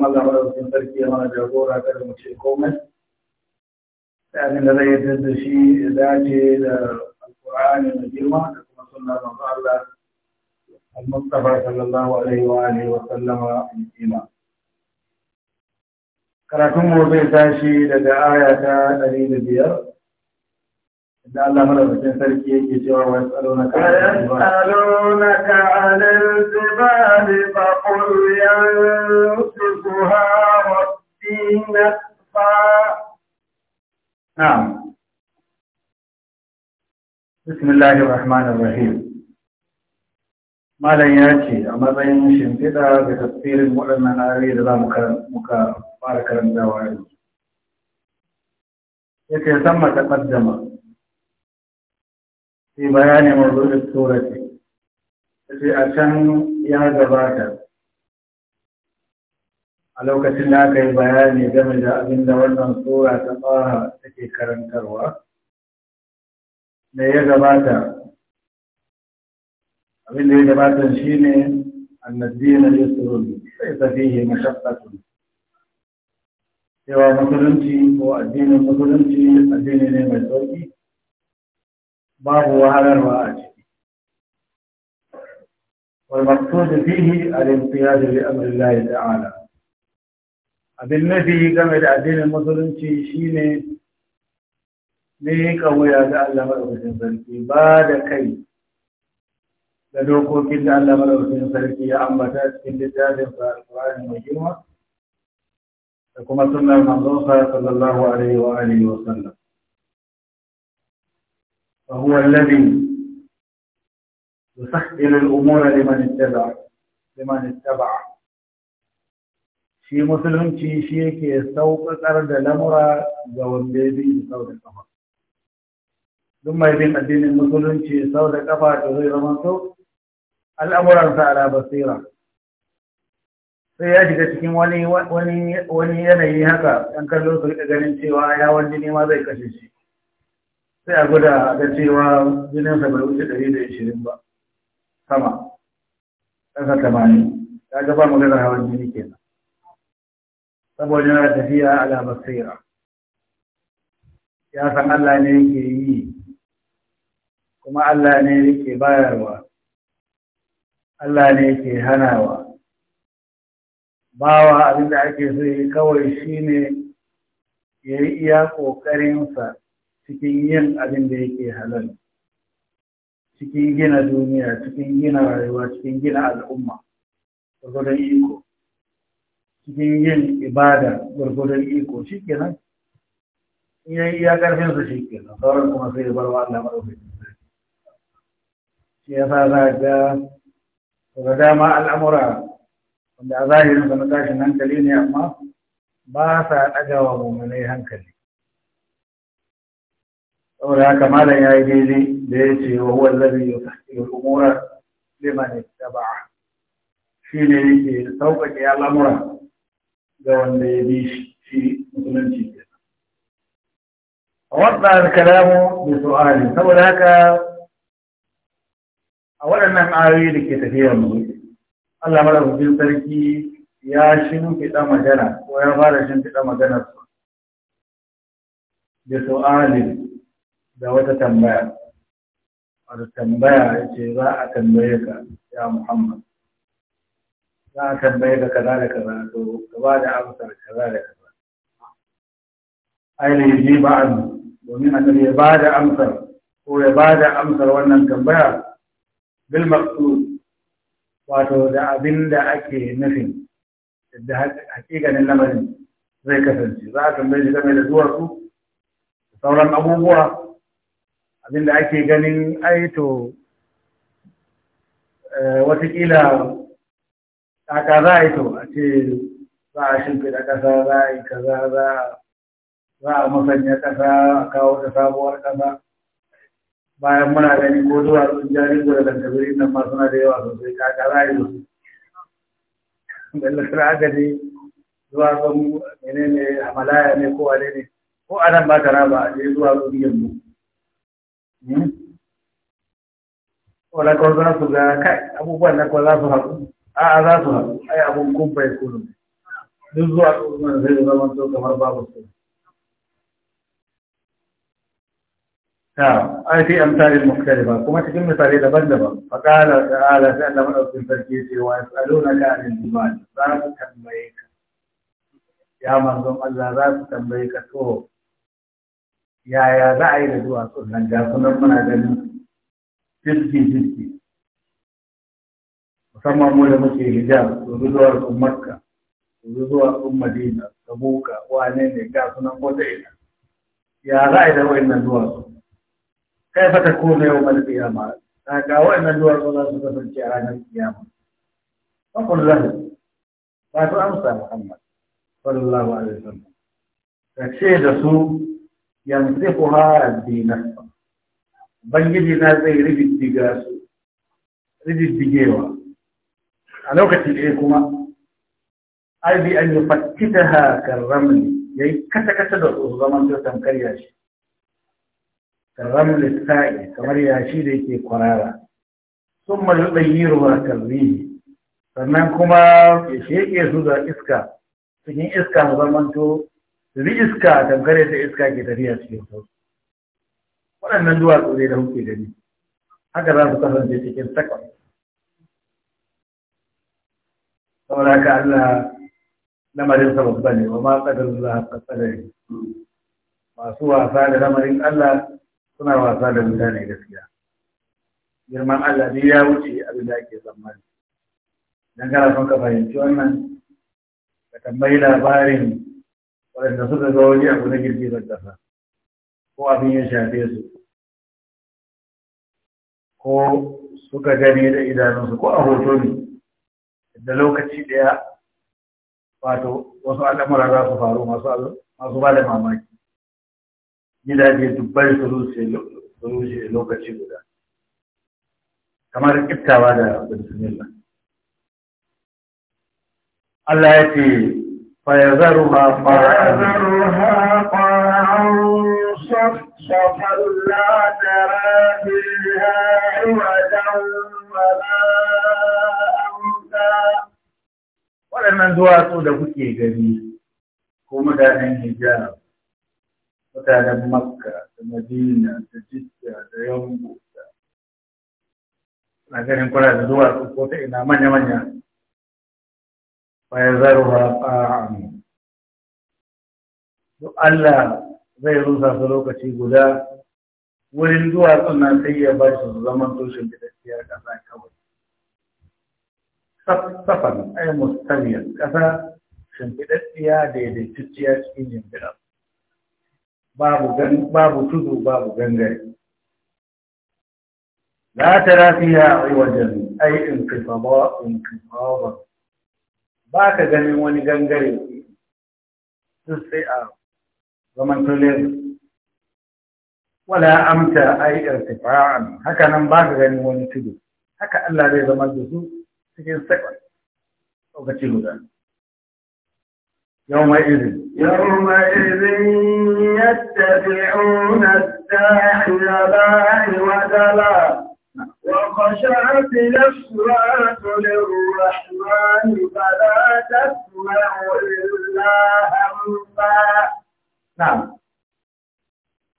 roƙon sarki ya mana jagora kada mu ce komai sai abin da zai yi da shi ya dace da alkur'ani mai girma da kuma sunna manzo Allah al-Mustafa sallallahu alaihi wa alihi wa sallama karatun mu zai tashi daga aya ta 105 إن الله مرة بكين سلكي يكي شوى ويسألونك ويسألونك عن الجبال فقل ينصفها ربي نصفا نعم بسم malam ya ce a matsayin shimfiɗa da tafsirin waɗannan ayoyi da za muka fara karantawa yanzu ke san mata jama'a. في بيان موضوع السورة a can ya gabata. a lokacin da aka yi bayani game da abin da wannan tsora ta fara take karantarwa me ya gabata abin da ya gabata shi ne annabdina yusrun sai ta fiye mashaqqatu cewa musulunci ko addinin musulunci addini ne mai sauki babu wahalarwa a ciki al فيه li amri llahi ta'ala. abin nafi game da addinin musulunci shine ne wuya ga Allah madaukakin sarki ba da kai da dokokin da Allah madaukakin sarki ya ambata cikin littafin sa alƙur'ani mai girma da kuma sunnar manzon sa sallallahu alaihi wa alihi wa sallam فهو الذي يسهل الأمور لمن اتبع لمن اتبع shi musulunci shi yake sauƙaƙar da lamura ga wanda ya bi sau da ƙafa duk mai bin addinin musulunci sau da ƙafa da zai zama so sa ala basira sai ya shiga cikin wani wani wani yanayi haka ɗan kallon su ganin cewa ya wani jini ma zai kashe shi sai a guda ga cewa sa bai wuce ɗari da ishirin ba sama ƙasa tamanin ya ga ba maganar hawan jini kenan saboda yana tafiya ala basira ya san Allah ne yake yi kuma Allah ne yake bayarwa Allah ne yake hanawa bawa abinda ake so kawai shine ya yi iya ƙoƙarinsa cikin yin abin da yake halal cikin gina duniya cikin gina rayuwa cikin gina al'umma gwargwadon iko cikin yin ibada gwargwadon iko shi ke nan ya iya karfin su shi nan sauran kuma sai bar wa Allah madaukakin sarki shi sa za ga daga dama al'amura wanda a zahirin sa na tashin hankali ne amma ba sa ɗaga wa mummunai hankali saboda haka malam ya yi daidai da ya ce wa huwa allazi yusahilu al-umura liman ittaba'a shi ne yake sauƙaƙe al'amura ga wanda ya bi shi musulunci a wannan kalamu da su'ali saboda haka a waɗannan ayoyi da ke tafiya mu Allah madaukakin sarki ya ɗan magana ko ya fara shimfiɗa maganar da su'alin da wata tambaya wata tambaya ya ce za a tambaye ka ya muhammad za a tambaye ka kaza da kaza to ka ba da amsar kaza da kaza ainihin yi ji ba an domin annabi ya ba da amsar ko ya ba da amsar wannan tambaya bil maqsud wato da abin da ake nufin da hakikanin lamarin zai kasance za a tambaye shi game da su sauran abubuwa abinda ake ganin aito eh, watakila kaka za a yi to a ce za a shimfiɗa ƙasa za a yi kaza za a masanya ƙasa a kawo ta sabuwar ƙasa bayan muna gani ko zuwa sun jari da dantabiri nan ma suna da yawa sosai kaka za a yi su bello sura aka je zuwa sun menene amalaya ne ko wane ne ko nan ba ta raba a je zuwa sun yanzu. Hmm? wala ko za su ga kai abubuwan da ko za su haɗu a za su haɗu ai abun kun bai duk zuwa kuma zai zama to kamar babu su ta ai fi amsalin mukhtalifa kuma cikin misali daban-daban da ta'ala sai Allah madaukakin sarki ce wa yasalunaka anil jibal za su tambaye ka ya manzon Allah za su tambaye ka to yaya za a yi da duwatsun nan ga sunan muna ganin fiski fiski musamman mu da muke hijab yanzu duwatsun makka yanzu duwatsun madina tabuka wane ne ga sunan wata ina ya za a yi da wa'annan duwatsu kai fa ta kome yau mal kiyama ga wa'annan duwatsu za su kasance a ranar kiyama fakul lahu ba su amsa muhammad sallallahu alaihi wasallam ka ce da su yanzu zai ku harar dinar bangiji na zai rididdiga su rididdigewa a lokaci ne kuma aibi an yi fattita ha karramli ya yi kasa-kasa da su zaman to tamkar yashi karramli sa'i kamar yashi da yake kwarara sun malubayi ruwa karni. sannan kuma ya sheke su da iska cikin iska zaman to zai iska tamkar da iska ke tafiya cikin sauki waɗannan duwatsu ne da kuke gani haka za su kasance cikin takwas saboda haka Allah lamarin sa babba ne wa ma qadarullah haqqa tsadari masu wasa da lamarin Allah suna wasa da mutane gaskiya girman Allah ne ya wuce abin da ake tsammani dan kana son ka fahimci wannan ka tambayi labarin waɗanda suka ga wani abu na girgizar ƙasa ko abin ya shafe su ko suka gani da idanunsu ko a hoto ne da lokaci ɗaya wato wasu al'amura za su faru masu ba da mamaki gidaje dubbai su rushe lokaci guda kamar kittawa da bismillah Allah ya ce فيذرها فيذرها قاعا صفصفا لا ترى فيها عوجا ولا أمتا waɗannan duwatsu da kuke gani ko mutanen hijab mutanen makka da madina da jidda da yambo na ganin kula da duwatsu ko ta ina manya-manya فيذرها قاعا duk Allah zai rusa su lokaci guda wurin zuwa nan sai ya ba su zaman tushen gidaskiyar ƙasa kawai. Safan ai mustamiyar ƙasa shimfiɗaɗɗiya daidaitacciya cikin jimbiɗa. Babu tudu babu gangare. La ta rafiya a wajen ai in kifa ba ba ka ganin wani gangare duk sai a zaman tulin wala amta ai irtifa'an haka nan ba ka ganin wani tudu haka Allah zai zama da su cikin sakon lokaci guda يوم izin يوم izin يتبعون الساحل باعي عوض وخشعت نفرات للرحمن فلا تسمع إلا همسا نعم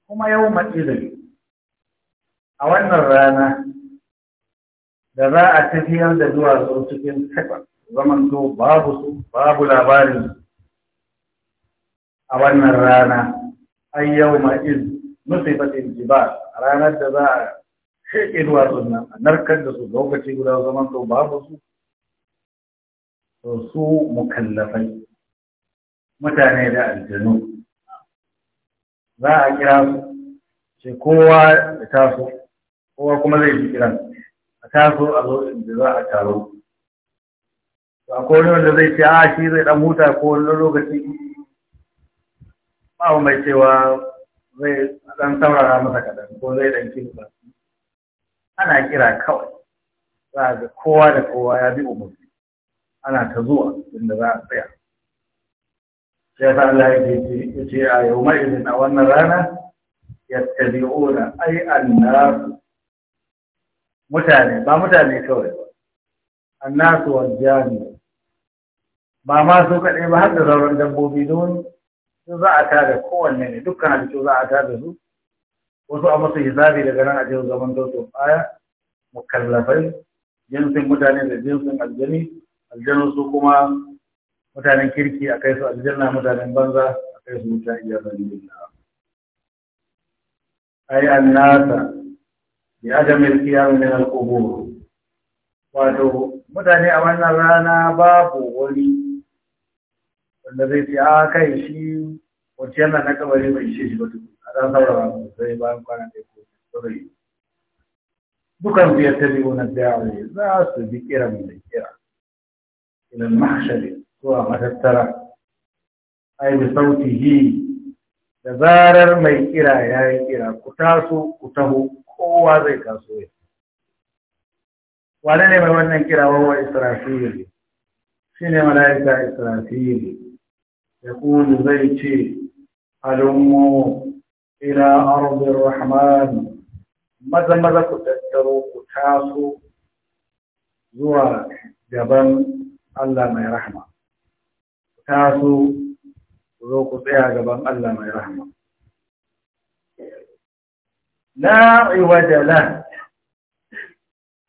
هما يوم إذن أولنا الرانة لذا أتفهم دوا سوتكين حكم ومن دو باب سو باب الأبار أولنا الرانة أي يوم إذن نصفت الجبال رانة دوا sheƙe duwatsun nan a narkar da su lokaci guda zaman to babu su su mukallafai mutane da aljanu za a kira su ce kowa da taso kowa kuma zai ji kiran a taso a zo da za a taro akwai wani wanda zai ce a ah, shi zai dan huta ko wani lokaci ba mai cewa zai dan saurara masa kaɗan ko zai dan kinsa ana kira kawai za ga kowa da kowa ya bi umarni ana ta zuwa inda za a tsaya sai ta Allah ya ce a yau mai a wannan rana ya tabi'una ai annasu mutane ba mutane kawai ba annasu wa jami ba ma su kaɗai ba har da sauran dabbobi don za a tada kowanne ne dukkan halittu za a tada su wasu a masa hisabi daga nan a jin zaman dosu aya mukallafai jinsin mutane da jinsin aljani aljanu su kuma mutanen kirki a kai su aljanna mutanen banza a kai su mutane iya zalilin ai annasa bi adamil qiyam min al qubur wato mutane a wannan rana babu wani wanda zai ce a kai shi wacce yana na kabari mai shi shi ba tukun ɗan saurara sosai bayan kwana da ko saurayi dukan biyar ta biyu na dawo za su bi kira mai kira ilal mahshari a matattara ai da sautihi da zarar mai kira ya yi kira ku taso ku taho kowa zai taso ya wane ne mai wannan kira wawa israfili shi ne mala'ika israfili ya kulu zai ce halummo إلى أرض الرحمن ماذا ماذا تتدروا كتاسو زوا جبل الله ما يرحمه كتاسو زوا كتيا جبل الله ما يرحمه لا عوج له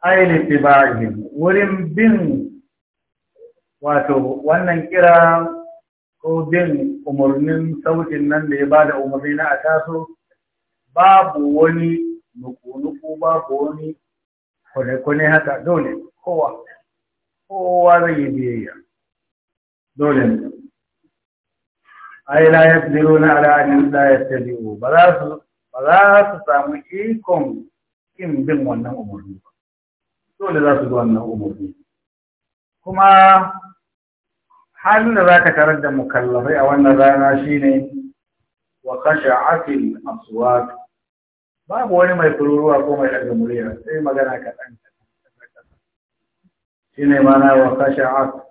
أي لاتباعهم ولم بن واتو وأن كرام ko bin umarnin sautin nan da ya bada umarni na a taso babu wani nuku-nuku babu wani kone-kone haka dole kowa kowa zai yi biyayya dole ai la yasbiru na ala an la yastabi'u ba za su ba za su samu ikon kin bin wannan umarni ba dole za su bi wannan umarni kuma halin da za ka tarar da mukallafai a wannan rana shine wa khasha'atil asuwatu. babu wani mai kururuwa ko mai ɗaga murya sai magana kaɗan shine mana wa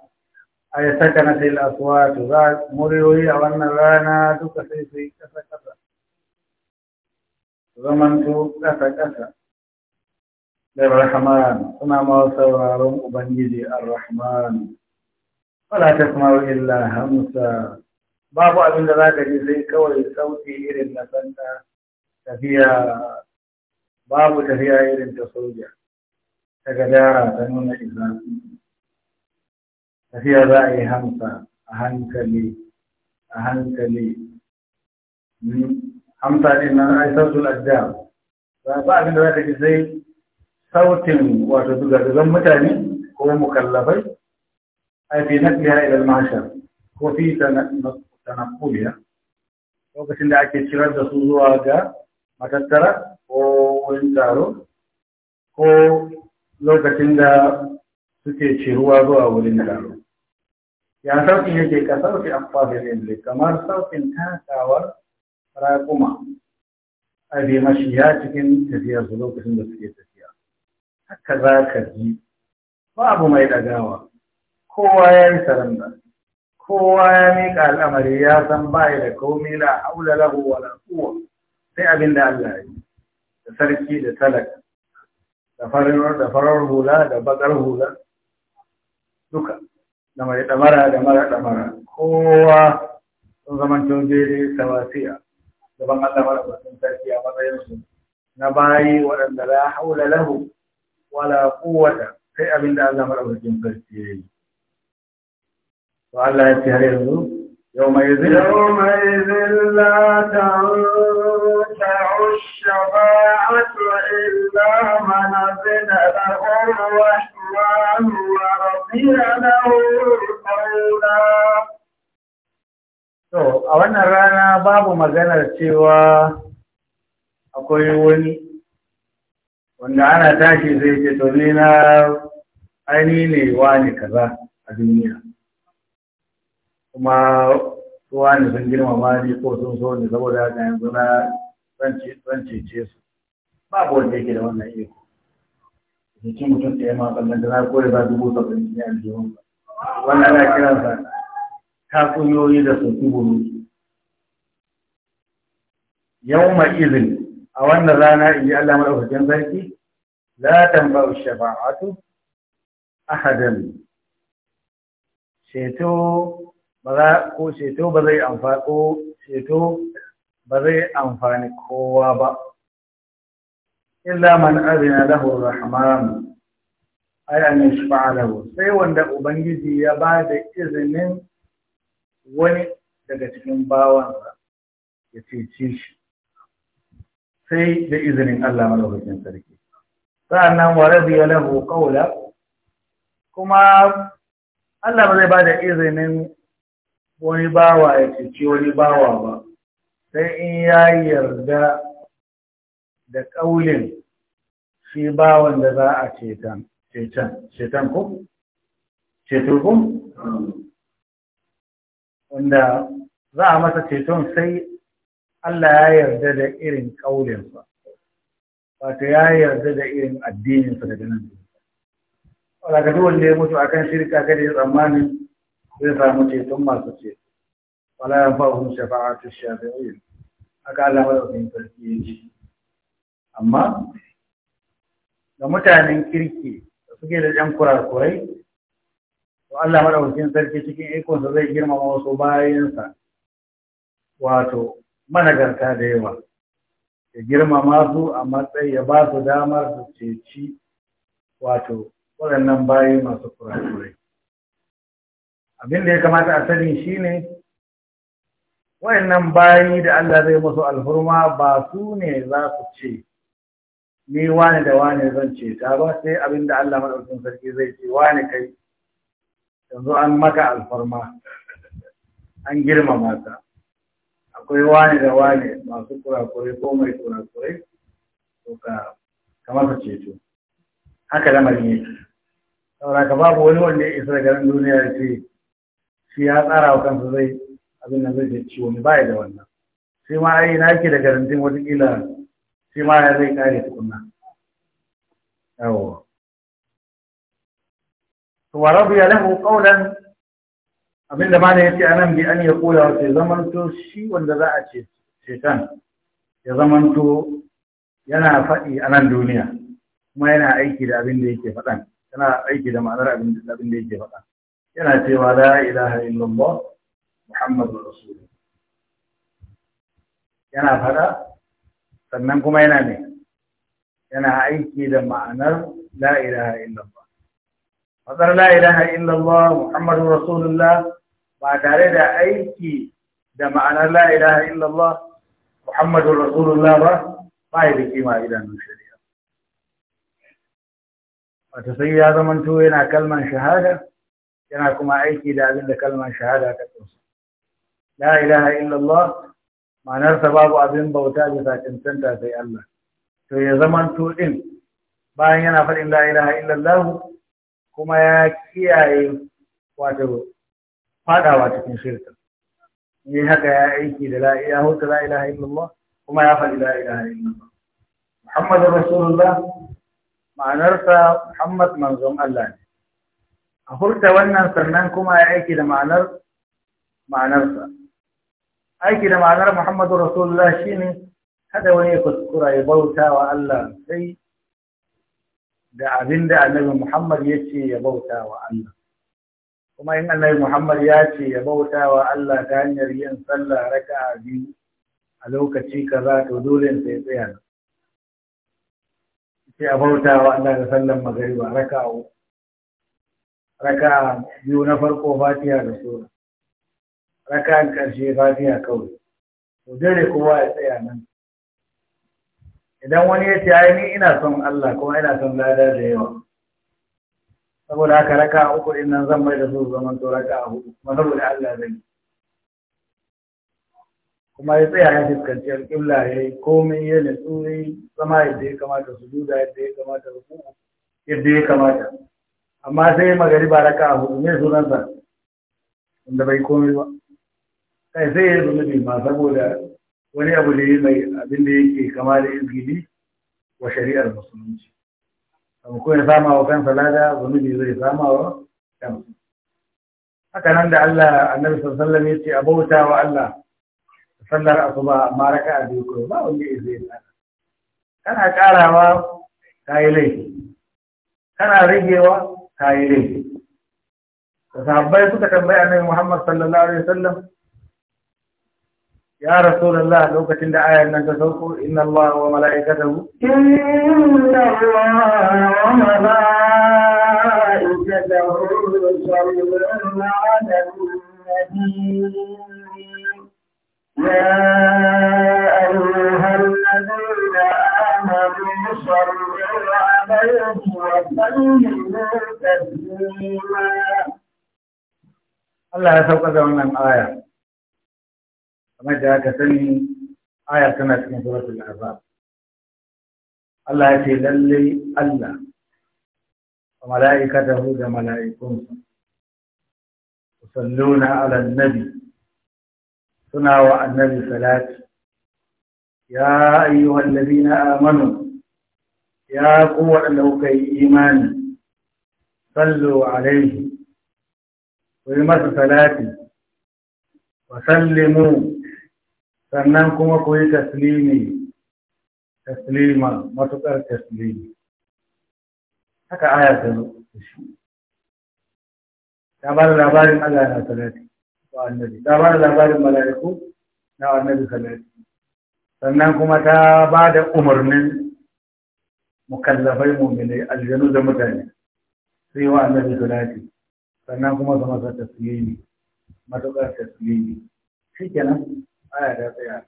A saka na sakanatil asuwatu, za muryoyi a wannan rana duka sai sai kasa kasa zamanto ƙasa-ƙasa da rahman suna ma sauraron ubangiji ar-rahman wala ta kuma illa hamsa babu abin da za ka ji sai kawai sauti irin na santa tafiya babu tafiya irin ta soja ta dara ta nuna isa tafiya za a yi hamsa a hankali a hankali hmm. hamsa din nan ai sautul adda ba abin da za ka ji sai sautin wato zuga mutane ko mukallafai أي في نقلها إلى المعشر وفي تنقلها lokacin da ake cirar da su zuwa ga matattara ko wurin taro ko lokacin da suke ciruwa zuwa wurin taro ya sauƙin yake ka sauƙi amfafin kamar sauƙin takawar raƙuma a mashiya cikin tafiyarsu lokacin da suke tafiya haka za ka ji babu mai ɗagawa kowa ya yi saranda kowa ya miƙa al'amari ya san bai da komi la haula lahu wala quwwa sai abin da Allah ya yi da sarki da talaka da farar da farar hula da bakar hula duka da mai damara da mara damara kowa sun zaman daidai tawasiya ban Allah madaukakin sarki a matsayinsu na bayi waɗanda la haula lahu wala quwwata sai abin da Allah madaukakin sarki yi to Allah ya ce har yanzu yau mai الشفاعة yau mai zilla ta ta'u illa to a wannan rana babu maganar cewa akwai wani wanda ana tashi zai ce to ni na aini ne kaza a duniya kuma kowa ne sun girmama ni ko sun so ni saboda haka yanzu na zan cece su babu wanda yake da wannan iko jikin mutum da ya ma kallon da na kore ba dubu saba'in ne a jihun wannan na kiransa takuyoyi da su tubulu yau ma izin a wannan rana in ji Allah maɗaukakin sarki la tanfa'u shafa'atu ahadan ceto ko ceto ba zai amfani ko ceto ba zai amfani kowa ba illa man azina lahu rahman ay an yashfa'a lahu sai wanda ubangiji ya ba da izinin wani daga cikin bawansa ya cece shi sai da izinin Allah malaukakin sarki sa'annan wa radiya lahu qawla kuma Allah ba zai ba da izinin wani bawa ya cuci wani bawa ba sai in ya yarda da ƙaulin shi bawan da za a cetan cetan ku? ceto ku? wanda za a masa ceton sai Allah ya yarda da irin ba, wato ya yarda da irin addininsa daga nan. Wadda ka wanda ya mutu akan shirka kada ya tsammanin zai samu ceton masu ce wala ya fa'un shafa'atu shafi'in haka Allah madaukakin sarki ya ce amma ga mutanen kirki da suke da ɗan kurakurai to Allah madaukakin sarki cikin ikonsa zai girmama wasu bayansa wato managarta da yawa ya girmama su a matsayi ya ba su damar su ceci wato waɗannan bayan masu kurakurai abin da ya kamata a sani shi ne. wayannan bayi da Allah zai musu alhurma ba su ne za su ce ni wani da wani zan ce ta ba sai abin da Allah madaukakin sarki zai ce wani kai yanzu an maka alfarma an girma mata akwai wani da wani masu kurakurai ko mai kurakurai to ka kamar ceto haka lamarin yake saboda ka babu wani wanda ya isa garin duniya ya ce shi ya tsara wa kansa zai abin nan zai je wani ba baya da wannan shi ma ai na ke da garantin watakila shi ma ya zai kare tukunna yawo to wa rabu ya lahu qawlan abin da mana yace anan bi an ya kula wa sai to shi wanda za a ce shetan ya to yana faɗi a nan duniya kuma yana aiki da abin da yake faɗan yana aiki da ma'anar abin da yake faɗan. ينأتي ولا إله إلا الله محمد رسول ينأ فلا فننكم أين أمين ينأ أي كيدا معنا لا إله إلا الله فضل لا إله إلا الله محمد رسول الله بعد رد أي كيدا معنا لا إله إلا الله محمد رسول الله ما يبكي ما إلى نشري وتصيّد من توين كلمة شهادة yana kuma aiki da abin da kalmar shahada ta ƙunsa la ilaha illallah ma'anarsa babu abin bauta bisa cancanta sai Allah to ya zaman to din bayan yana faɗin la ilaha illallah kuma ya kiyaye wato faɗawa cikin shirka Ni haka ya aiki da la ilaha la ilaha illallah kuma ya faɗi la ilaha illallah Muhammadu Rasulullah ma'anarsa Muhammad manzon Allah ne a furta wannan sannan kuma ya aiki da ma'anar ma'anarsa aiki da ma'anar muhammadu rasulullah ne kada wani ya kuskura ya bauta wa Allah sai da abin da annabi muhammad ya ce ya bauta wa Allah kuma in annabi muhammad ya ce ya bauta wa Allah ta hanyar yin sallah a biyu a lokaci kaza to dole sai tsaya sai a bauta wa Allah da sallan magariba uku. raka biyu na farko fatiya da sura raka ƙarshe fatiya kawai Ku dare kowa ya tsaya nan idan wani ya ce ai ni ina son Allah kuma ina son lada da yawa saboda haka raka uku din nan zan mai da su zaman to raka hudu kuma saboda Allah zai kuma ya tsaya ya fuskanci alƙibla ya yi komai ya nutsu zama yadda ya kamata su duda yadda ya kamata ruku yadda ya kamata amma sai magariba raka hudu mai sunansa wanda bai komai ba kai sai ya zunubi ma saboda wani abu ne mai abin da yake kama da izgili wa shari'ar musulunci amma ko ya sama wa kansa lada zunubi zai sama wa kansa haka nan da Allah annabi sallallahu alaihi wasallam ya ce abauta wa Allah sallar asuba amma a biyu ko ba wanda ya zai kana karawa kayi laifi kana ragewa ta yi rai sahabbai suka tambaya annabi Muhammad sallallahu alaihi wasallam ya rasulullah lokacin da ayar nan ta sauko inna Allah wa malaikatahu inna Allah wa malaikatahu yusalluna 'ala an-nabi يا أيها الذين آمنوا صلوا الله يسوق هذا من آية كما جاء كثني آية كما في سورة الأحزاب الله يأتي للي الله وملائكته وملائكم يصلون على النبي صنع النبي صلاة يا أيها الذين آمنوا ya ku kuka yi imani sallu alaihi ku masa salati wa sallimu sannan kuma ku taslimi taslima matuƙar taslimi haka aya ta zo ta ba labarin Allah na salati wa annabi ta ba labarin mala'iku na annabi salati sannan kuma ta ba da umarnin mukallafai mu'minai aljanu da mutane sai wa annabi salati sannan kuma su masa tasbihi matuƙar tasbihi nan, aya ta tsaya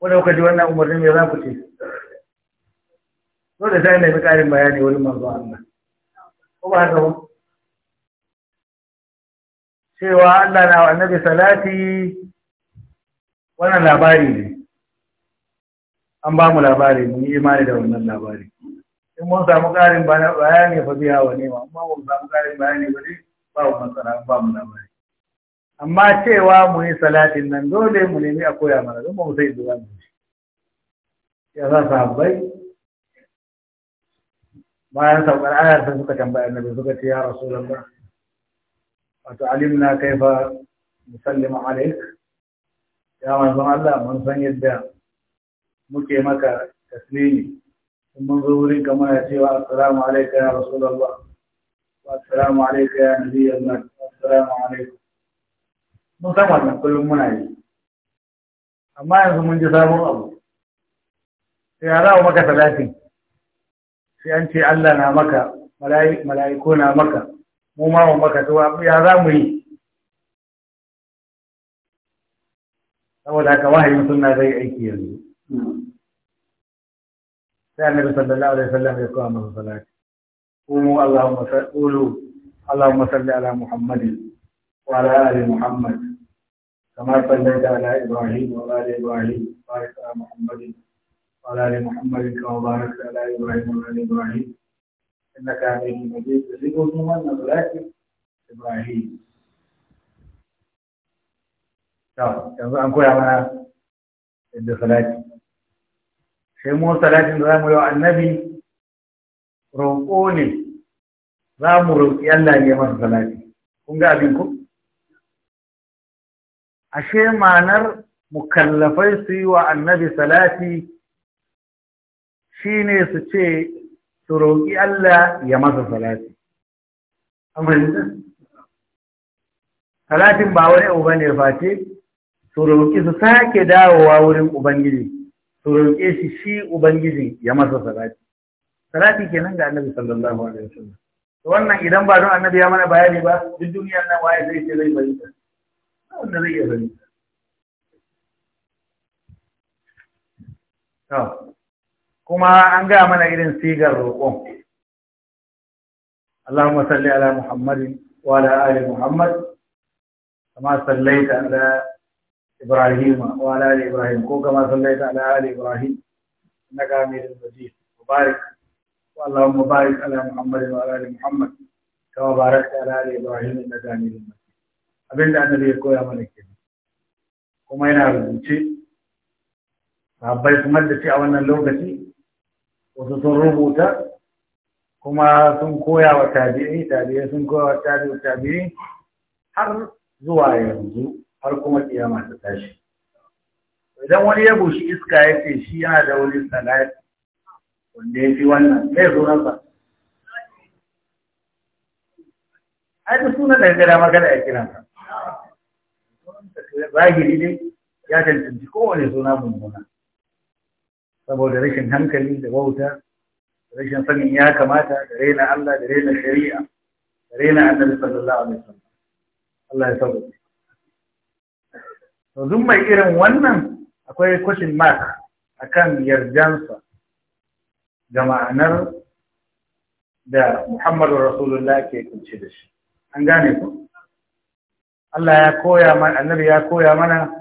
wanda kuka ji wannan umarni me za ku ce dole sai nemi ƙarin bayani wurin manzo Allah ko ba haka ba cewa Allah na wa annabi salati wannan labari ne an ba mu labari mun yi imani da wannan labari in mun samu ƙarin bayani fa biya wa nema amma mun samu ƙarin bayani ba ne, ba mu matsala ba mu labari amma cewa mu yi salatin nan dole mu nemi a koya mana don mu sai zuwa mu ya sa sahabbai bayan saukar ayar sai suka tambaya annabi suka ce ya rasulullah wato alimna kaifa musallima alaik ya manzon Allah mun san yadda muke maka taslimi in mun zo wurin kamar ya cewa assalamu alaika ya rasulullah wa assalamu alaika ya nabi Allah assalamu alaikum mun san wannan kullum muna yi amma yanzu mun ji sabon abu sai ya mu maka talatin sai an ce Allah na maka mala'iku na maka mu ma mu maka to ya za mu yi أول هكا واحد suna zai زي أي sai annabi sallallahu صلى الله عليه وسلم يقام الصلاة قوموا اللهم قولوا اللهم صل على محمد وعلى ال محمد كما صليت على ابراهيم وعلى ال ابراهيم بارك على محمد وعلى ال محمد كما باركت على ابراهيم وعلى ال ابراهيم انك حميد مجيد تزيد من صلاه ابراهيم yanzu an koya mana da salati sai mu salatin da zamu yi wa annabi roƙo ne za mu roƙi Allah ne masa salati kun ga abin ku ashe ma'anar mukallafai su yi wa annabi salati shine su ce su roƙi Allah ya masa salati amma salatin ba wani uba ne face su roƙi su sake dawowa wurin ubangiji su roƙe shi shi ubangiji ya masa salati salati kenan ga annabi sallallahu alaihi wasallam wannan idan ba don annabi ya mana bayani ba duk duniyar nan waye zai ce zai ta. wanda zai iya fahimta kuma an gaya mana irin sigar roƙon salli ala muhammadin wa ala ali Muhammad. Kama sallaita ala Ibrahim wa ala ali Ibrahim ko kama sallaita ala ali Ibrahim na gamirin waje mubarak wa Allah mubarak ala Muhammad wa ala ali Muhammad kama baraka ala ali Ibrahim na gamirin waje abinda an ya koya mana ke kuma yana rubuce sabai kuma da ce a wannan lokaci wasu sun rubuta kuma sun koya wa tabi'i tabi'i sun koya wa tabi'i tabi'i har zuwa yanzu har kuma kiyama ta tashi idan wani ya bushi iska ya ce shi yana da wani salati wanda ya fi wannan mai sunansa a yi sunan da gada magana ya kira ka zahiri ne ya cancanci kowane suna mummuna saboda rashin hankali da wauta rashin sanin ya kamata da raina Allah da raina shari'a da raina annabi sallallahu alaihi wasallam Allah ya saboda to duk mai irin wannan akwai question mark akan yardansa ga ma'anar da Muhammadu Rasulullah ke kunce da shi an gane ku Allah ya koya mana annabi ya koya mana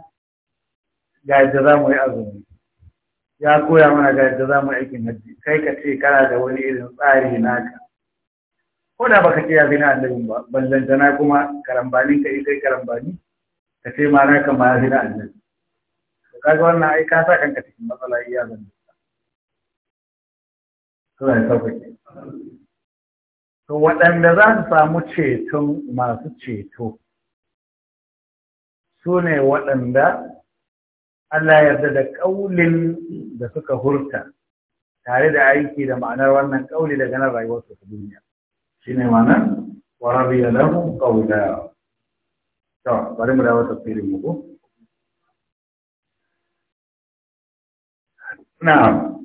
ga yadda za mu yi azumi ya koya mana ga yadda za mu aikin hajji kai ka ce kana da wani irin tsari naka ko da baka ce ya fi na annabin ba ballantana kuma karambanin ka kai karambani ka ce ma naka ma ya da annabi to kaga wannan ai ka sa kanka cikin matsala iya zan Allah ya sauƙaƙe to waɗanda za su samu ceton masu ceto su ne waɗanda Allah yarda da ƙaulin da suka hurta tare da aiki da ma'anar wannan ƙauli da nan rayuwarsu ta duniya shi ne ma'anar wa rabiya lahu اه، نعم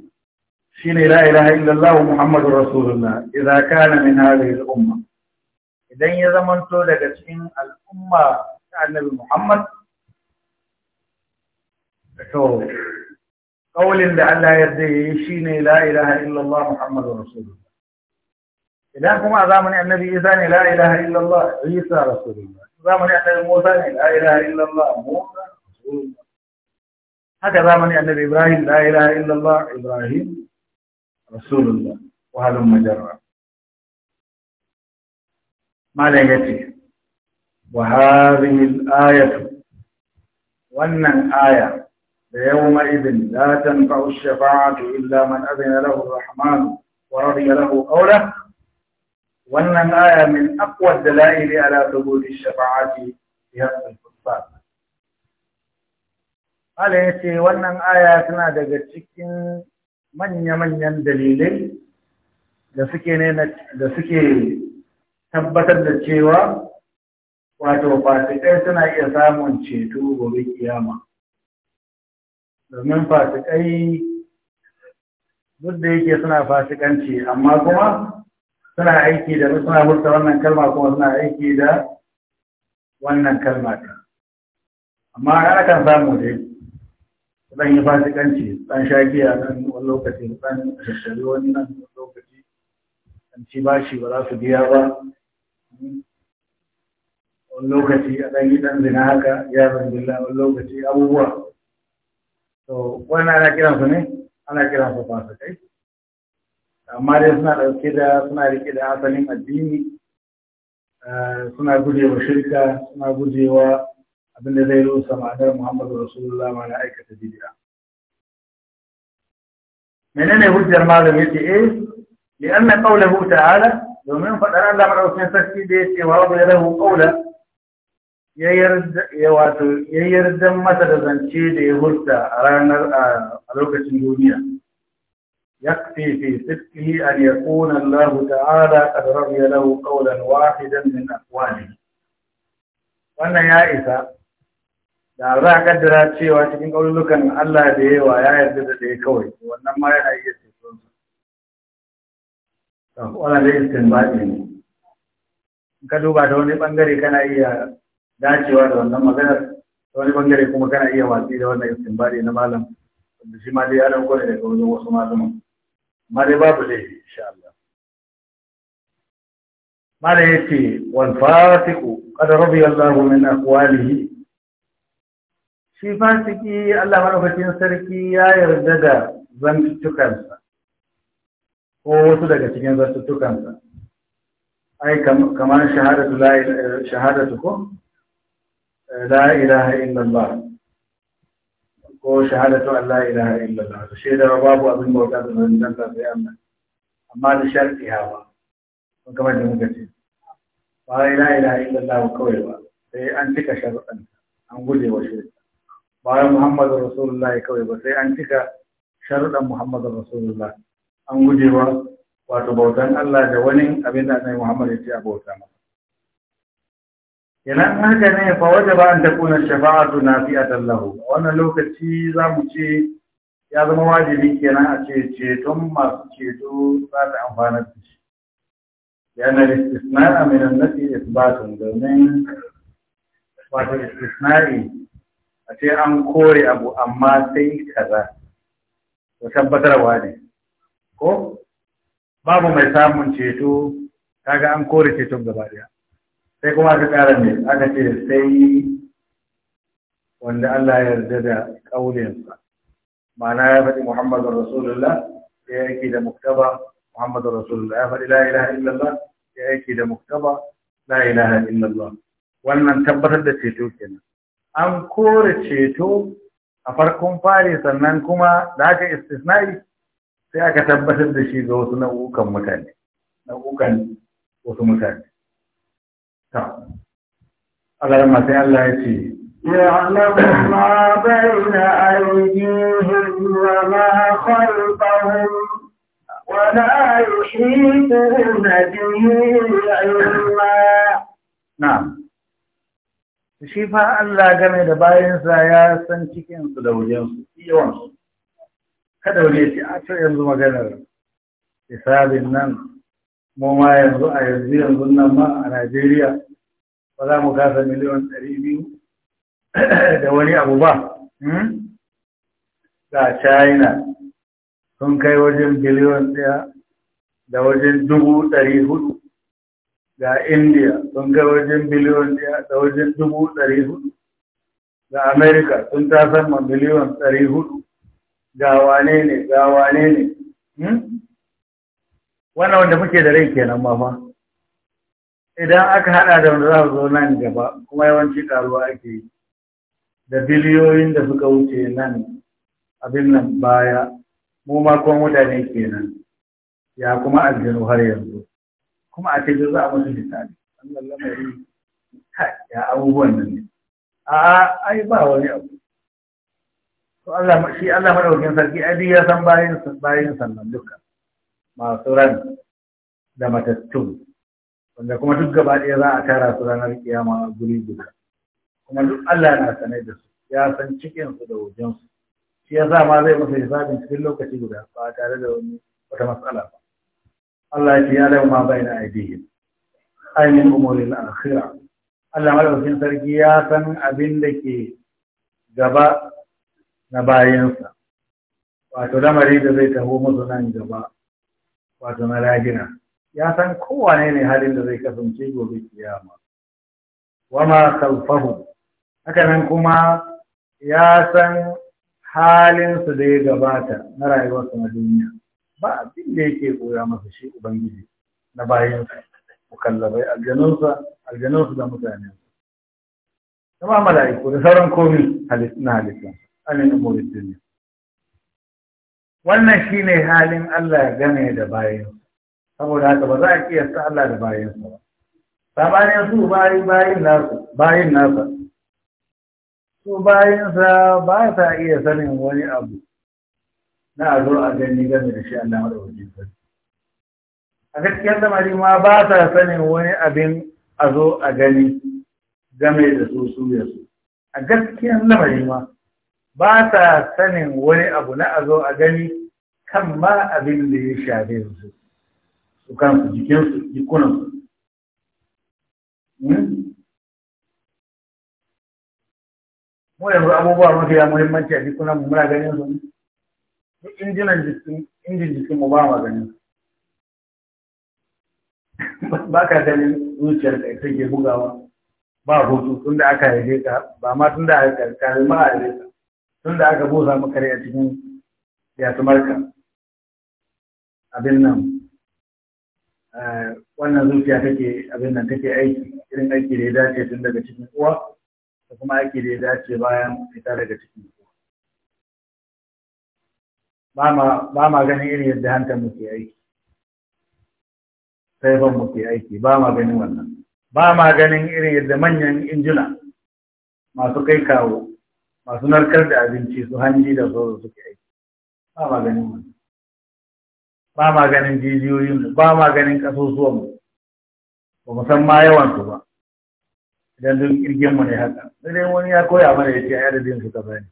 شین لا إله الا الله محمد رسول الله اذا كان من هذه الامة اذا يزمن تو لگا الامة النبي محمد قول ان الله يرضي شين لا اله الا الله محمد رسول الله اذا كما زمان النبي اذا لا اله الا الله عيسى رسول الله هذا ما من ان ابراهيم لا اله الا الله ابراهيم رسول الله وهذا ما جرى ماذا ياتي وهذه الايه وان الايه ليومئذ لا تنفع الشفاعه الا من اذن له الرحمن ورضي له قوله wannan aya min aqwa dalail ala thubuti shafa'ati fi hadhihi al ya ce wannan aya tana daga cikin manya-manyan dalilai da suke da suke tabbatar da cewa wato fasikai suna iya samun ceto gobe kiyama domin fasikai duk da yake suna fasikanci amma kuma suna aiki da suna furta wannan kalma kuma suna aiki da wannan kalma ta amma ana kan samu yi ɗan yi fasikanci dan a nan wani lokaci ɗan shashari wani nan wani lokaci dan ci bashi ba za su biya ba wani lokaci a ɗan yi ɗan zina haka ya zambilla wani lokaci abubuwa to wani ana kiransu ne ana kiransu fasikai amma dai suna ɗauke da suna rike da asalin addini eh, suna gujewa shirka suna gujewa abinda zai rusa ma'anar muhammadu rasulullah ma na aikata bid'a menene hujjar malam yace eh li anna qawluhu ta'ala domin fadar Allah madaukakin sarki da yake wa rabbi lahu qawla ya yarda wato ya yarda masa da zance da ya hurta a ranar a lokacin duniya يكفي في صدقه أن يكون الله تعالى قد رضي له قولا واحدا من أقواله wannan يا isa لا أرى a kaddara cewa cikin ƙaulukan Allah da yawa ya yarda da ɗaya kawai wannan ma yana iya ceton sa wannan da istinbadi ne in wani bangare kana iya dacewa da wannan maganar da wani bangare kuma kana iya watsi da wannan istimbari na malam da shi ma dai ya dauko ne daga wajen wasu malaman ma babu laifi insha Allah mala yace wal fasiqu qad radiyallahu min aqwalihi shi fasiki Allah madaukakin sarki ya yarda da zantuttukansa ko wasu daga cikin zantuttukansa ai kamar shahadatu ko la ilaha illallah ko shahadatu Allah ilaha illallah da shaidar babu abin bauta da zan zanta sai Allah amma da sharti ha ba ko kamar da muka ce ba ila ilaha illallah kawai ba sai an cika sharuɗan an guje wa shirka ba Muhammadu Rasulullah kawai ba sai an cika sharuɗan Muhammadu Rasulullah an guje wa wato bautan Allah da wani abin da Annabi Muhammad ya ce a bauta masa idan haka ne fa wajaba an takuna shafa'atu nafi'atan lahu wannan lokaci zamu ce ya zama wajibi kenan a ce ceton masu ceto za ta amfana da shi yana da istisna'a min annabi isbatun domin wato istisna'i a ce an kore abu amma sai kaza to tabbatarwa ne ko babu mai samun ceto kaga an kore ceton gaba daya sai kuma ta ƙara ne aka ce sai wanda Allah ya yarda da ƙaunensa ma'ana ya faɗi Muhammadu Rasulullah ya yake da muktaba Muhammadu Rasulullah ya faɗi la illallah ya yake da muktaba la illallah wannan tabbatar da ceto kenan an kore ceto a farkon fari sannan kuma da aka istisnai sai aka tabbatar da shi ga wasu nau'ukan mutane nau'ukan wasu mutane Allah ma sai Allah ya ce يعلم ما بين أيديهم وما خلفهم ولا يحيطون به علما نعم shi fa Allah game da bayansa ya san cikinsu da wujensu yawansu kada wani ya ce a yanzu maganar hisabin nan mu ma yanzu a yanzu yanzu nan ma a Najeriya ba za mu kasa miliyan ɗari biyu da wani abu ba da hmm? China sun kai wajen biliyan ɗaya da wajen dubu ɗari hudu ga India sun kai wajen biliyan ɗaya da wajen dubu ɗari hudu ga Amerika sun tasan ma biliyan ɗari hudu ga wane ne ga wane ne hmm? wannan wanda muke da rai kenan ma fa idan aka hada da wanda za su zo nan gaba kuma yawanci karuwa ake yi da biliyoyin da suka wuce nan abin nan baya mu ma kuma mutane kenan ya kuma aljanu har yanzu kuma a cikin za a musu an lallama yi ya abubuwan nan ne a ai ba wani abu to Allah shi Allah madaukin sarki ai ya san bayin bayin sannan duka masu ran da matattu wanda kuma duk gaba ɗaya za a tara su ranar kiyama a guri guda kuma duk Allah na sanar da su ya san cikin su da wajen su shi yasa ma zai musu hisabin cikin lokaci guda ba tare da wani wata matsala ba Allah ya ce ya lau ma bayna aidihin ainihin umarin umuril Allah madaukakin sarki ya san abin da ke gaba na bayansa wato lamari da zai taho mazunan nan gaba wato na lahira ya san kowane ne halin da zai kasance gobe kiyama wama kalfahu haka nan kuma ya san halin su da ya gabata na rayuwarsa na duniya ba abin da yake koya masa shi ubangiji na bayan mukallabai aljanunsa aljanunsu da mutane kama mala'iku da sauran komi na halittun, amin umarin duniya wannan shi ne halin Allah game da bayansa saboda haka ba za a kiyasta Allah da bayansa ba sabanin su bayin bayin nasu bayin nasa su bayinsa ba sa iya sanin wani abu na a zo a gani game da shi Allah wajen sarki a gaskiyar lamari ma ba sa sanin wani abin a zo a gani game da su su ya su a gaskiyar lamari ma ba ta sanin wani abu na a zo a gani kan ma abin da ya shafe su su kansu jikinsu jikunansu hmm? mu yanzu abubuwa mafi ya muhimmanci a jikunan mu muna ganin su duk injinan jikin injin jikin mu ba ma ganin ba ka ganin zuciyar da ita ke bugawa ba hoto tun da aka haife ka ba ma tun da aka haife ma a tun da aka busa maka rai a cikin yatumarka abin nan eh, wannan zuciya take abin nan take aiki irin aiki da ya dace tun daga cikin uwa da kuma aiki da ya dace bayan fita daga cikin uwa ba ma ganin irin yadda hantar ke aiki sai ban mu ke aiki ba ma ganin wannan ba ma ganin irin yadda manyan injina masu kai kawo masu narkar da abinci su hanji da da suke aiki ba ma ganin mu ba ma ganin jijiyoyin mu ba ma ganin kasusuwan mu ba mu san ma yawan su ba idan duk kirgin mu ne haka sai dai wani ya koya mana ya ce a adadin su kaza ne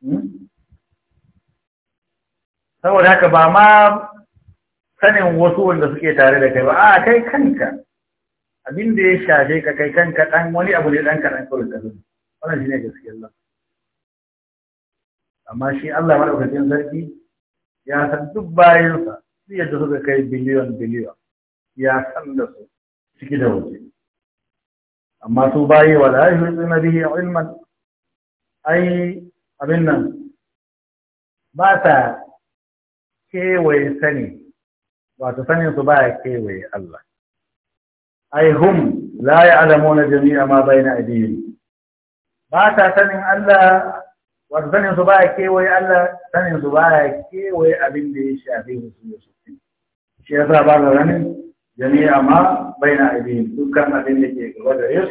hmm? saboda haka ba ma sanin wasu wanda suke tare da kai ba a kai kanka abin da ya shafe ka kai kanka dan wani abu ne dan kaɗan kawai ka sani wannan shine gaskiyar Allah amma shi Allah madaukakin sarki ya san duk bayansa su yadda suka kai biliyon biliyon ya san da su ciki da waje amma su baye wala na bihi ilman ai abin nan ba ta kewaye sani wato sanin su baya kewaye Allah ai hum la ya'lamuna jami'a ma bayna aydihim ba ta sanin Allah wato sanin su baya kewaye Allah sanin su baya kewaye abin da ya shafi musu da su shi ya sa ba da ranin jami'a ma na abin dukkan abin da ke gaba da yau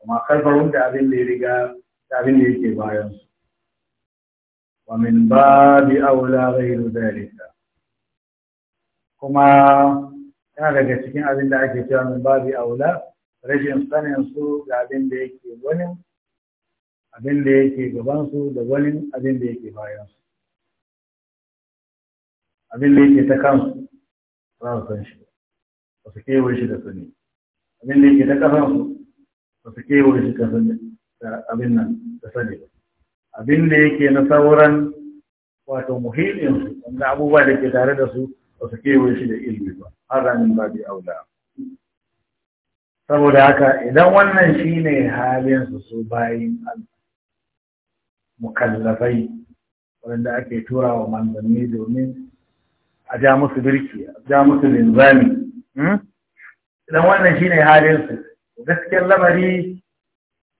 kuma kalfarun da abin da ya riga da abin da ya ke bayan su wa min ba bi aula ghairu dhalika kuma yana daga cikin abin da ake cewa min ba bi aula rashin sanin su da abin da yake wani abin da yake gabansu da wani abin da yake bayansu abin da yake ta kansu ba su san shi ba su kewaye shi da sani abin da yake ta kafansu ba su kewaye shi da abin nan da sani ba abin da yake na sauran wato muhimminsu wanda abubuwa da ke tare da su ba su kewaye shi da ilmi ba har ba babi aula saboda haka idan wannan shine halin su su bayin Allah mukallafai waɗanda ake tura wa manzanni domin a ja musu birki a ja musu linzami hmm? idan wannan shi shine halinsu gaskiyar lamari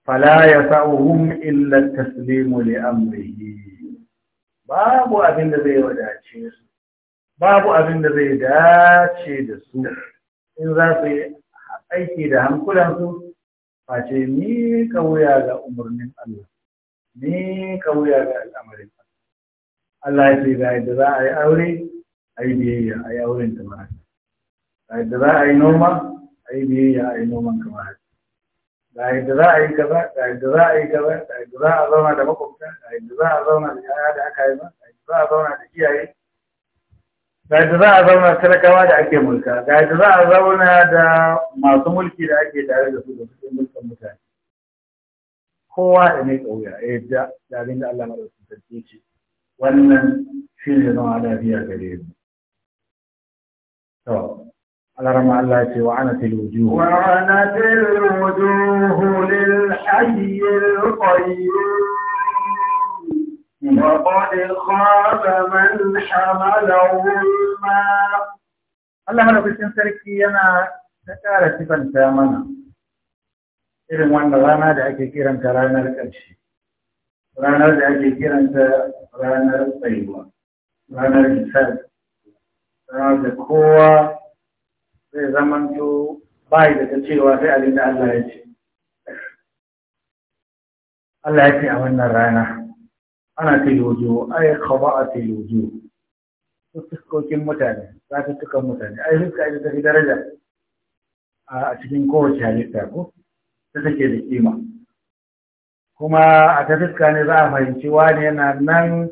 fala ya sa'uhum illa taslimu li amrihi babu abin da zai wadace su babu abin da zai dace da su in za su yi aiki da hankulansu face ni wuya ga umarnin Allah ni ka wuya ga al'amarin Allah ya ce ga yadda za a yi aure a yi biyayya a yi auren ta ba ga yadda za a yi noma a yi biyayya a yi noman ka haka ga yadda za a yi kaza ga yadda za a yi kaza ga yadda za a zauna da makwabta ga yadda za a zauna da yaya da aka haifa ga yadda za a zauna da iyaye ga yadda za a zauna talakawa da ake mulka ga yadda za a zauna da masu mulki da ake tare da su da suke mulkan mutane kowa da mai ƙauya ya yadda da abin da Allah maɗauki sarki ce wannan shi ne zama lafiya gare mu to alarma Allah ce wa ana fil wujuh wa ana fil wujuh lil hayy al qayyum وقد خاب من حمل ظلما Allah hana sarki yana ta ƙara sifanta mana irin wannan rana da ake kiranta ranar ƙarshe ranar da ake kiranta ranar tsayuwa ranar misali ranar da kowa zai zamanto bai da ta cewa sai abin da Allah ya ce Allah ya ce a wannan rana ana ta yojo ai kaba a ta yojo fuskokin mutane za ta tukan mutane ai fuska ita ta fi daraja a cikin kowace halitta ko ta take da kima kuma a ta fuska ne za a fahimci wani yana nan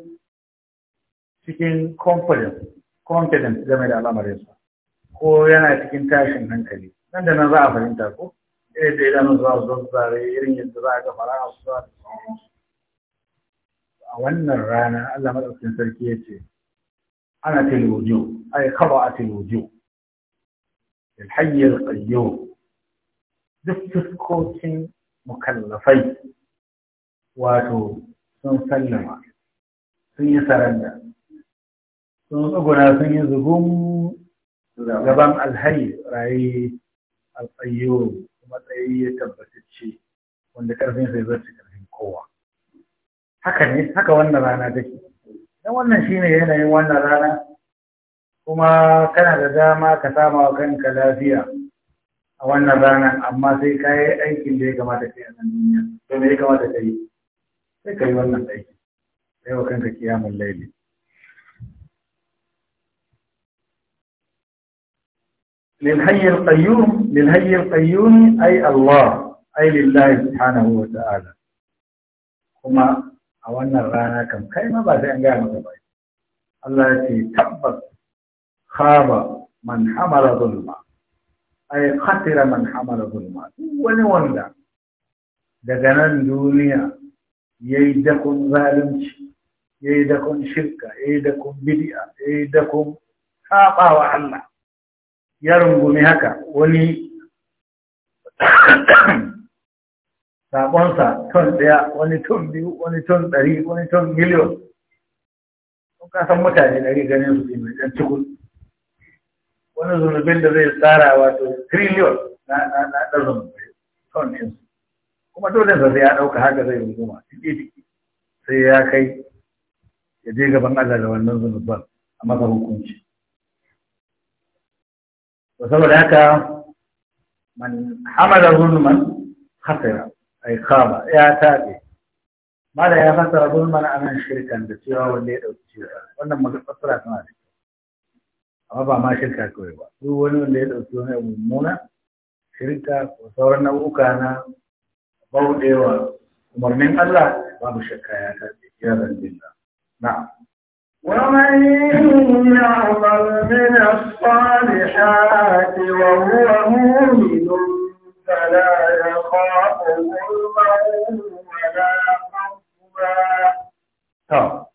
cikin confidence confidence game da al'amarinsa ko yana cikin tashin hankali nan da nan za a fahimta ko irin eh, da idan za su zare irin yadda za a ga fara'a a za a wannan rana Allah madaukakin sarki ya ce ana tilwujo ay khaba tilwujo الحي القيوم duk fuskokin mukallafai wato sun sallama sun yi saranda sun tsuguna sun yi zugun gaban alhayi raye kuma tsayi ya tabbatacce wanda karfin sai zarce karfin kowa haka ne haka wannan rana take dan wannan shine yanayin wannan rana kuma kana da dama ka samawa kanka lafiya a wannan ranar amma sai ka yi aikin da ya kamata ka yi a nan duniya to me ya kamata ka yi sai ka yi wannan aiki sai wa kanka kiyamun laili للحي القيوم للحي القيوم أي الله أي لله سبحانه وتعالى كما أولنا رانا كم كيما بعد أن قام الله التي تبت خاب من حمل ظلما ay khatira man hamala zulma wani wanda daga nan duniya yayi dakon zalunci yayi dakon shirka yayi dakon bid'a yayi dakon saɓawa Allah ya rungumi haka wani sabonsa ton daya wani ton biyu wani ton ɗari wani ton miliyon kun kasan mutane ɗari ganin su ne mai ɗan cikin wani zunubin da zai tsara wato trillion na ɗan zunubai kawai ne kuma dole sa sai ya ɗauka haka zai runguma sai ya kai ya je gaban Allah da wannan zunuban a masa hukunci to saboda haka man hamala zulman khatira ai khaba ya tabe mala ya fasara zulman anan shirkan da cewa wanda ya dauki shirka wannan magana fasara tana da amma ba ma shirka kawai ba duk wani wanda ya ɗauki wani mummuna shirka ko sauran nau'uka na bauɗewa umarnin Allah babu shakka ya karɓe ya zambin na'am ومن يعمل من الصالحات وهو مؤمن فلا يخاف ظلما ولا خصما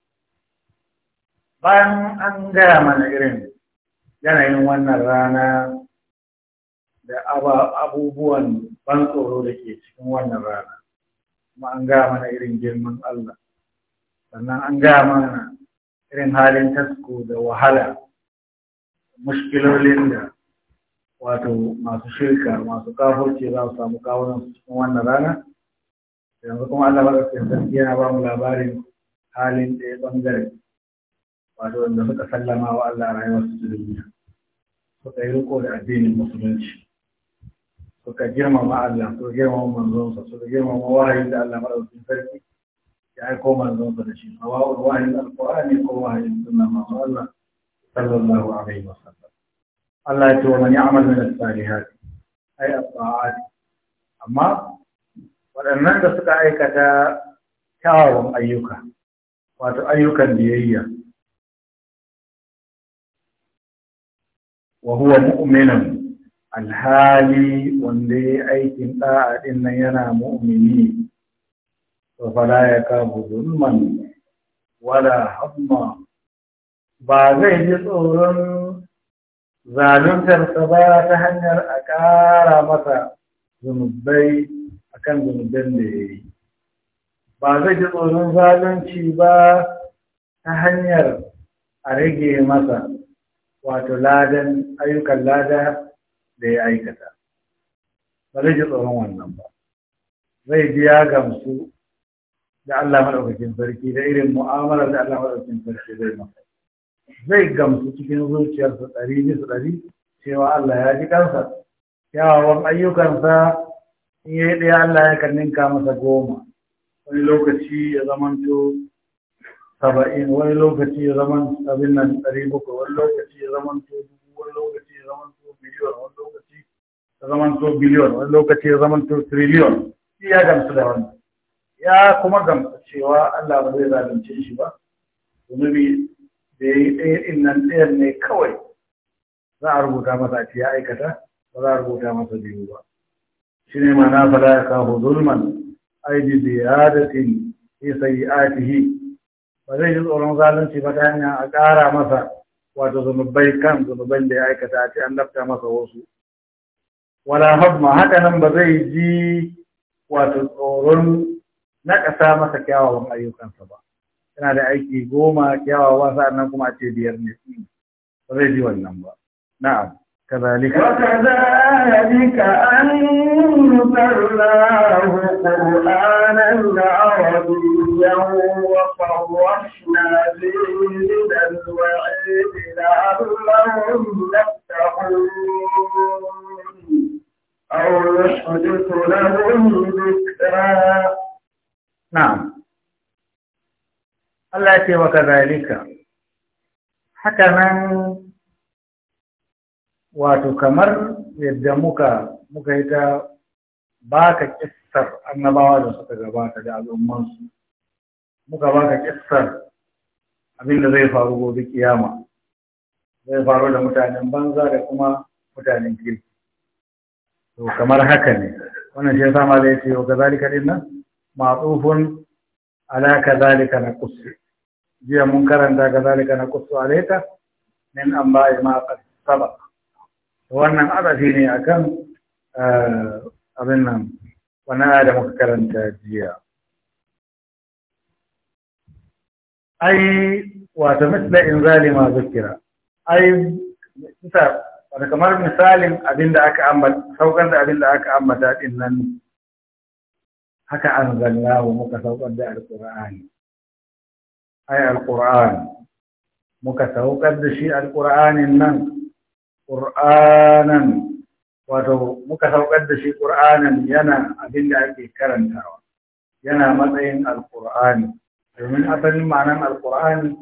bayan an gaya mana wannan rana da abubuwan ban tsoro da ke cikin wannan rana kuma an gaya mana irin girman Allah sannan an gaya mana irin halin tasko da wahala mushkilolin da wato masu shirka masu kafurce za su samu kawunan cikin wannan rana yanzu kuma Allah ba ka sarki yana ba mu labarin halin ɗaya ɓangare wato wanda suka sallama wa Allah rayuwar su duniya suka yi riko da addinin musulunci suka girmama Allah suka girmama manzonsa suka girmama wahayin da Allah madaukakin sarki ya aiko manzonsa da shi sawa'ul wahayin alqur'ani ko wahayin sunna masu Allah sallallahu alaihi wasallam Allah ya ce wa man ya'mal min as-salihat ay as-sa'at amma waɗannan da suka aikata kyawawan ayyuka wato ayyukan biyayya wa huwa alhali wanda ya aikin da'a din nan yana mu'mini to fala ya kafu zulman wala hamma ba zai ji tsoron zaluntarsa ba ta hanyar a ƙara masa zunubai akan zunuban da ya yi ba zai ji tsoron zalunci ba ta hanyar a rage masa wato ladan ayyukan lada da ya aikata ba zai ji tsoron wannan ba zai ji ya gamsu da Allah maɗaukakin sarki da irin mu'amalar da Allah maɗaukakin sarki zai masa zai gamsu cikin zuciyarsa ɗari bisa ɗari cewa Allah ya ji kansa kyawawan ayyukansa in yi ɗaya Allah ya kan ninka masa goma wani lokaci ya zamanto saba'in wani lokaci ya zama abin nan ɗari bakwai wani lokaci ya zama to dubu wani lokaci ya zama to miliyon wani lokaci ya zama to biliyon wani lokaci ya zama to triliyon shi ya gamsu da wannan ya kuma gamsu cewa Allah ba zai zalunce shi ba zunubi da ya yi ɗaya ɗin nan ɗayan ne kawai za a rubuta masa a ya aikata ba za a rubuta masa biyu ba shi ne ma na fara ya kawo zulman aidi ziyadatin fi sayyi'atihi ba zai ji tsoron zalunci ba ta hanyar a ƙara masa wato zunubai kan zunubai da ya aikata a ce an lafta masa wasu wala hamma haka nan ba zai ji wato tsoron na ƙasa masa kyawawan ayyukansa ba yana da aiki goma kyawawa nan kuma a ce biyar ne ba zai ji wannan ba na'am كذلك وكذلك أنزلناه قرآنا عربيا وفرشنا به من الوعيد لعلهم يتقون او يحدث لهم ذكرى نعم التي وكذلك حكما وتكمر يدمك مكيتا باك اكثر ان بعض صدق باك لعلهم منصور muka baka kistar abin da zai faru gobe kiyama zai faru da mutanen banza da kuma mutanen kirki to kamar haka ne wannan shi yasa malai ce ga zalika din nan ma'tufun ala na kusu jiya mun karanta kadhalika naqus alayka min anba'i ma qad To wannan adafi ne akan eh, abin nan wannan da muka karanta jiya ai wato misla in zalima zukira ai bisa wata kamar misalin abinda aka ambata saukar da abinda aka ambata din nan haka an zallahu muka saukar da alqur'ani ai alqur'an muka saukar da shi alqur'anin nan qur'anan wato muka saukar da shi qur'anan yana abinda ake karantawa yana matsayin alqur'ani من أفضل معنى القرآن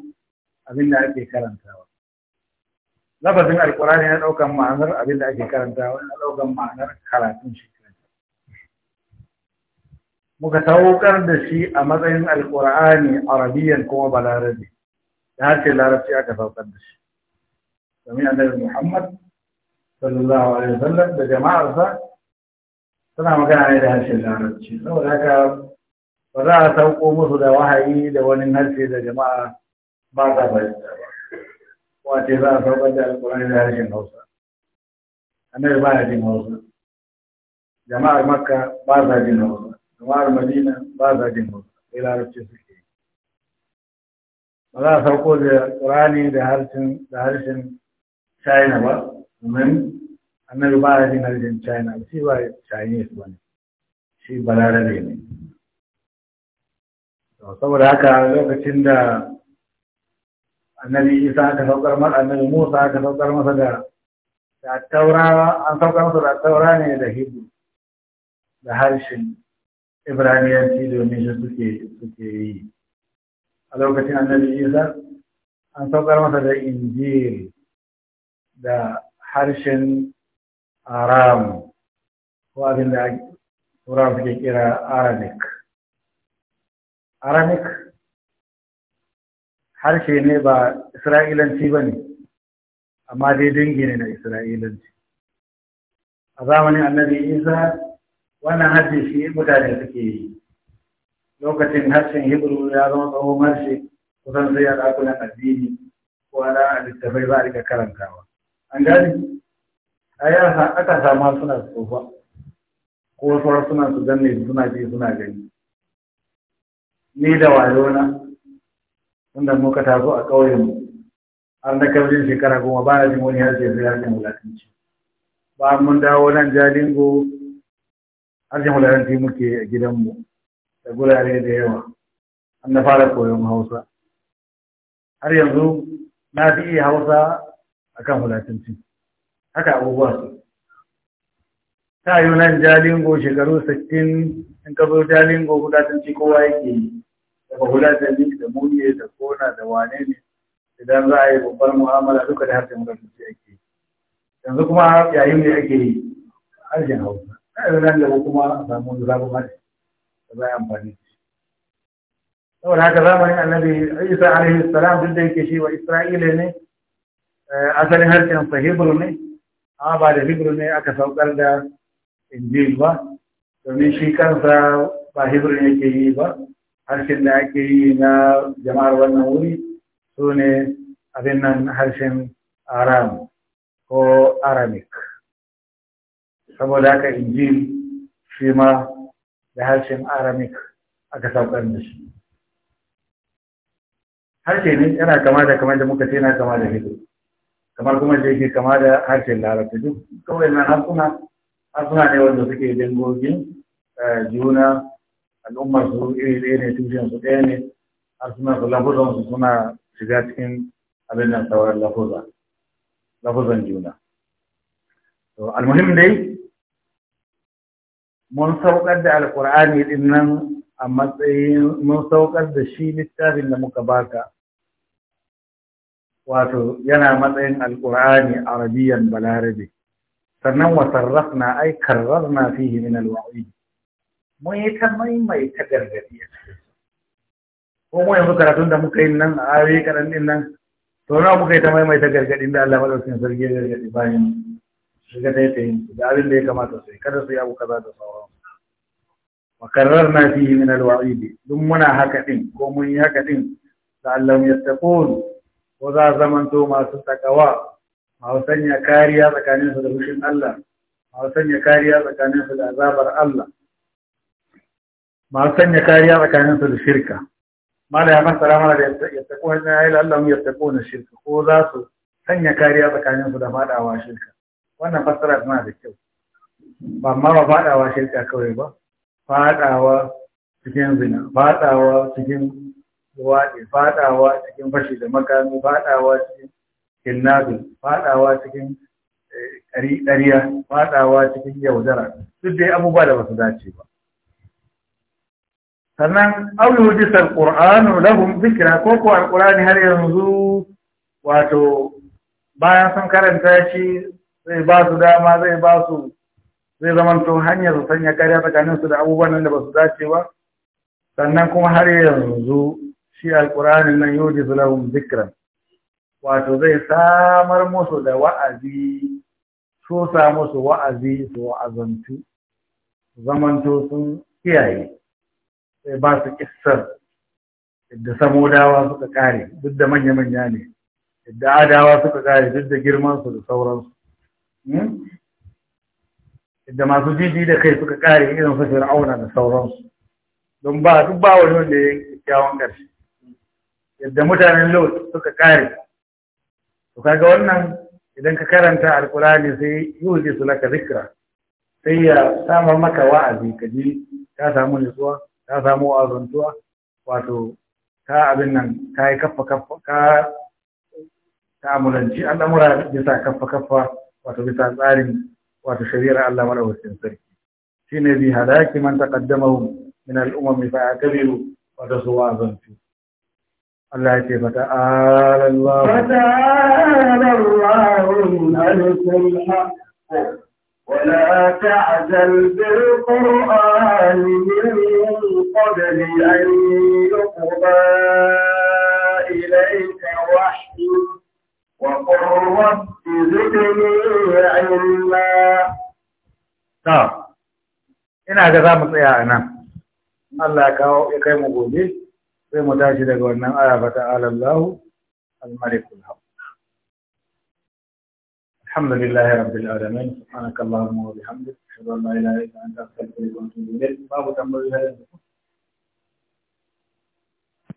أبي الله أكي كلام تاوى لفظ من القرآن أن أوكا معنى أبي الله أكي كلام تاوى أن أوكا معنى خلاك من شكرا مكتوكر دشي أمضين القرآن عربيا كوما بلا ربي لهذا كلا ربي أكتوكر دشي فمن أن محمد صلى الله عليه وسلم بجماعة سنة مكان عليها شلال ربي لو ذاك ba za a sauko musu da wahayi da wani harshe da jama'a ba ta fahimta ba wace za a saukar da alkurani da harshen hausa annabi ba ya jin hausa jama'ar makka ba sa jin hausa jama'ar madina ba sa jin hausa sai larabci suke ba za a sauko da alkurani da harshen da harshen china ba domin annabi ba ya jin harshen china shi ba chinese ba ne shi balarabe ne saboda haka lokacin da annabi isa aka saukar masa annabi musa aka saukar masa da da taura an saukar masa da taura ne da hebrew da harshen ibraniyanci domin shi suke suke yi a lokacin annabi isa an saukar masa da injil da harshen aram ko abin da turawa suke kira arabic Aramik harshe ne ba Isra'ilanci ba ne, amma dai dangi ne na Isra'ilanci. A zamanin annabi Isa wannan harshe shi mutane suke yi. Lokacin harshen Hebrew ya zama tsohon harshe kusan sai a ɗakunan addini ko ana a littafai za a rika karantawa. An gani? A yi aka sama suna tsofa, ko wasu suna su danne suna ji suna gani. ni da wayona tunda muka taso a ƙauyenmu har na kabrin shekara goma ba jin wani harshe sai harshen wulatanci ba mun dawo nan jalingo harshen wulatanci muke a gidanmu da gurare da yawa an na fara koyon hausa har yanzu na fi iya hausa a kan wulatanci haka abubuwa su ta yi nan jalingo shekaru 60 in ka zo jalingo wulatanci kowa yake yi bahulatani da muniye da kona da wane ne idan za a yi babbar mu'amala duka da harshen mutunci ake yanzu kuma yayin da ake yi harshen hausa na yanzu nan gaba kuma a samu wani zaɓi mace da za a yi amfani da shi saboda haka zamanin annabi isa alaihi salam duk da yake shi wa isra'ila ne eh, asalin harshen sa hebrew ne amma ba da hebrew ne aka saukar da injil ba domin shi kansa ba hebrew yake yi ba harshen da ake yi na jama'ar wannan wuri su ne abin nan harshen aram ko aramic saboda haka injil shi ma da harshen aramic aka saukar da shi harshe ne yana kama da kamar da muka ce yana kama da hito kamar kuma da yake kama da harshen larabci duk kawai na harsuna harsuna ne wanda suke dangogin eh, juna al'ummar su iri ɗaya ne tushen su ɗaya ne har suna su lafuzan su suna shiga cikin abin nan sauran lafuza lafuzan juna to almuhim dai mun saukar da alkur'ani din nan a matsayin mun saukar da shi littafin da muka baka wato yana matsayin alkur'ani arabiyan balarabe sannan wa sarrafna ay karrarna fihi min alwa'id mun yi ta maimaita gargadi a cikin ko mu yanzu karatun da muka yi nan a yi karan din nan to nawa muka yi ta maimaita gargadin da Allah madaukakin sarki ya gargadi bayan shiga ta yi da abin da ya kamata su yi kada su yi abu kaza da sauran wa karrarna fihi min alwa'idi duk muna haka din ko mun yi haka din la'allam yattaqun ko za zamanto masu takawa masu sanya kariya tsakaninsu da fushin Allah masu sanya kariya tsakaninsu da azabar Allah masu sanya kariya tsakaninsu da shirka mala ya masara mana da yattaku hajjin ya yi lallon yattaku na shirka ko za su sanya kariya tsakaninsu da faɗawa shirka wannan fassara tana da kyau ba ma ba fadawa shirka kawai ba faɗawa cikin zina faɗawa cikin waɗe faɗawa cikin fashi da makami faɗawa cikin kinnabi faɗawa cikin ƙariya eh, faɗawa cikin yaudara duk dai abubuwa da ba su dace ba sannan auyujisar ƙur'anu lahum zikira ko ko alƙur'ani har yanzu wato bayan sun karanta shi zai ba su dama zai ba su zai zamanto hanyar sanya kariya tsakanin su da abubuwan nan da ba su dace ba sannan kuma har yanzu shi alƙur'ani nan yujisu lahum zikira wato zai samar musu da wa'azi so sa musu wa'azi su wa'azantu zamanto sun kiyaye sai ba su kissar yadda samodawa suka kare duk da manya-manya ne yadda adawa suka kare duk da girmansu da sauransu hmm? yadda masu jiji da kai suka kare irin su fir'auna da sauransu don ba duk ba wani wanda ya yi kyawun ƙarshe yadda mutanen lot suka kare to kaga wannan idan ka karanta alkurani sai yuhi su laka zikra sai ya samar maka wa'azi ka ji ka samu nutsuwa ka samu azantuwa wato ka abin nan ka yi kaffa kaffa ka ta'amulanci al'amura bisa kaffa kaffa wato bisa tsarin wato shari'ar Allah madaukakin sarki shine bi halaki man taqaddamahu min al'umami fa ya'tabiru wato su wazantu Allah ya ce fata alallahu fata alallahu alikul haqq ولا تعجل بالقرآن من قبل أن يقضى إليك وحي وقل رب زدني علما ina ga za mu tsaya a nan Allah ya kawo ya kai mu gobe sai mu tashi daga wannan aya fa ta'ala al-malikul alhamdulillahi rabbil alamin subhanakallahumma wa